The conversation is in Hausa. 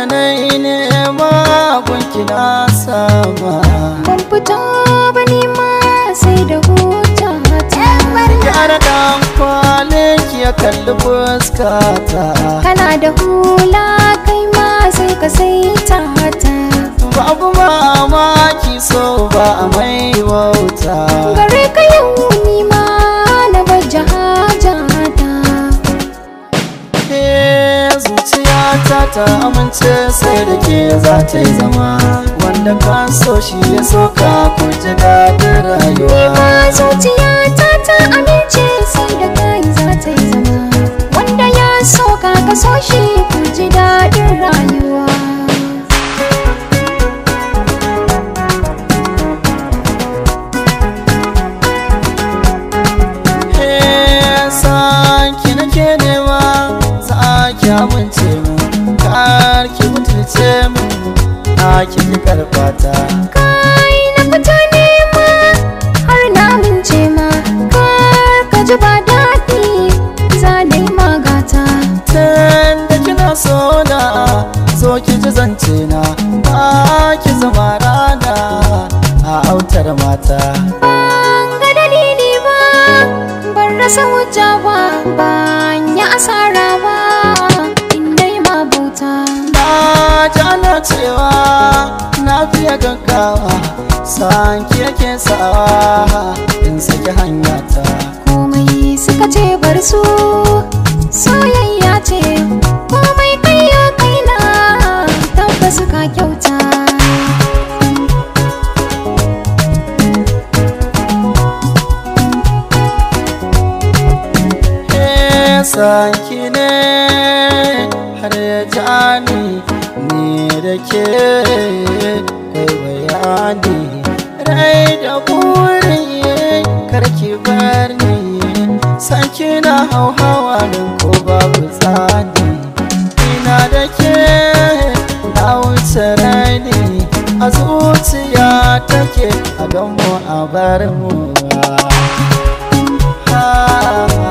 da na yi nema gunki na sama ban fita ba ni ma sai da huta ta yara dan kwale ki ya kalli fuskata kana da hula kai ma sai ka sai ta ta babu mamaki so ba a mai ta amince sai da ke za ta yi zama wanda ka so shi ya so ka kuje a kiki karfata kai na fita nema har na bince ma kar ka ji ba daɗi za magata tun da kina so na zo ki ji zance na ba ki zama rana a autar mata ban ga dalili ba ban rasa hujja ba ba cewa na fiye gaggawa sa'an keke sawa in saki hanyata komai suka ce bar su soyayya ce komai kai ya kaina tabbas ka kyauta eh, Sanki ne har ya ja da ke kai bayani rai da buri karki bar ni sake na hauhawa nan ko babu tsani ina da ke a wuce rani a zuciya take a don mu a bar mu ha